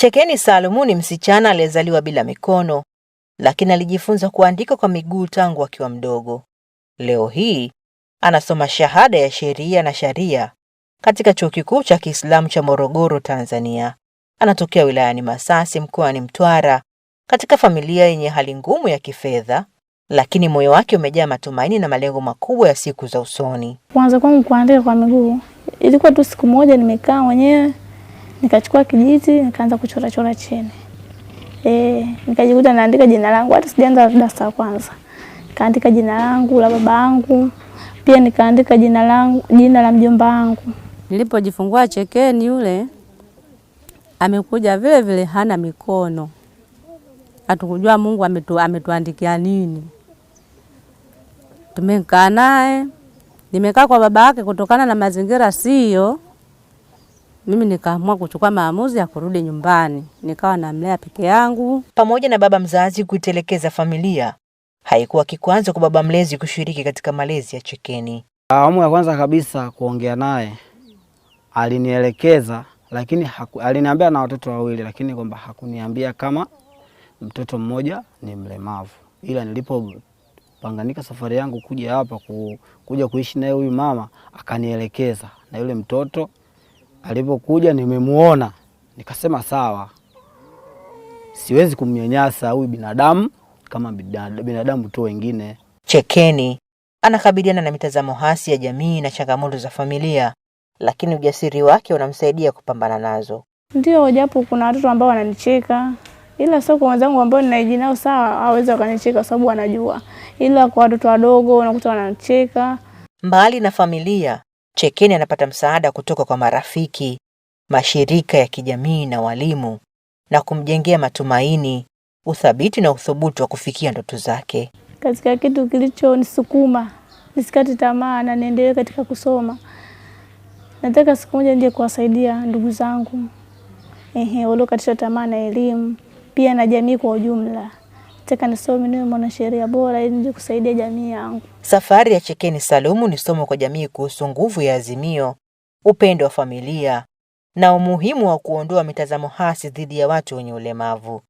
Chekeni Salumu ni msichana aliyezaliwa bila mikono, lakini alijifunza kuandika kwa miguu tangu akiwa mdogo. Leo hii anasoma shahada ya sheria na sharia katika Chuo Kikuu cha Kiislamu cha Morogoro, Tanzania. Anatokea wilayani Masasi mkoani Mtwara, katika familia yenye hali ngumu ya kifedha, lakini moyo wake umejaa matumaini na malengo makubwa ya siku za usoni. Kwanza kwangu kuandika kwa miguu ilikuwa tu siku moja, nimekaa mwenyewe Nikachukua kijiti nikaanza kuchora chora chini e, nikajikuta naandika jina langu, hata sijaanza darasa la kwanza. Nikaandika jina langu la baba yangu, pia nikaandika jina langu, jina la mjomba wangu. Nilipojifungua chekeni, yule amekuja vile vile, hana mikono, hatukujua Mungu ametu, ametuandikia nini. Tumekaa naye, nimekaa kwa baba yake kutokana na mazingira siyo mimi nikaamua kuchukua maamuzi ya kurudi nyumbani, nikawa namlea peke yangu. Pamoja na baba mzazi kuitelekeza familia, haikuwa kikwazo kwa baba mlezi kushiriki katika malezi ya Chekeni. Awamu ya kwanza kabisa kuongea naye, alinielekeza lakini haku, aliniambia na watoto wawili, lakini kwamba hakuniambia kama mtoto mmoja ni mlemavu, ila nilipopanganika safari yangu kuja hapa ku, kuja kuishi naye huyu mama akanielekeza na yule mtoto Alipokuja nimemuona, nikasema sawa, siwezi kumnyanyasa huyu binadamu kama binadamu tu wengine. Chekeni anakabiliana na mitazamo hasi ya jamii na changamoto za familia, lakini ujasiri wake unamsaidia kupambana nazo. Ndio, japo kuna watoto ambao wananicheka, ila sio kwa wenzangu ambao ninaishi nao, sawa, hawawezi wakanicheka kwa sababu wanajua, ila kwa watoto wadogo unakuta wananicheka. Mbali na familia, Chekeni anapata msaada kutoka kwa marafiki, mashirika ya kijamii na walimu, na kumjengea matumaini, uthabiti na uthubutu wa kufikia ndoto zake. Katika kitu kilichonisukuma nisikate tamaa na niendelee katika kusoma, nataka siku moja nije kuwasaidia ndugu zangu, ehe, waliokatisha tamaa na elimu, pia na jamii kwa ujumla nataka nisome niwe mwanasheria bora ili nije kusaidia jamii yangu. Safari ya Chekeni Salumu ni somo kwa jamii kuhusu nguvu ya azimio, upendo wa familia na umuhimu wa kuondoa mitazamo hasi dhidi ya watu wenye ulemavu.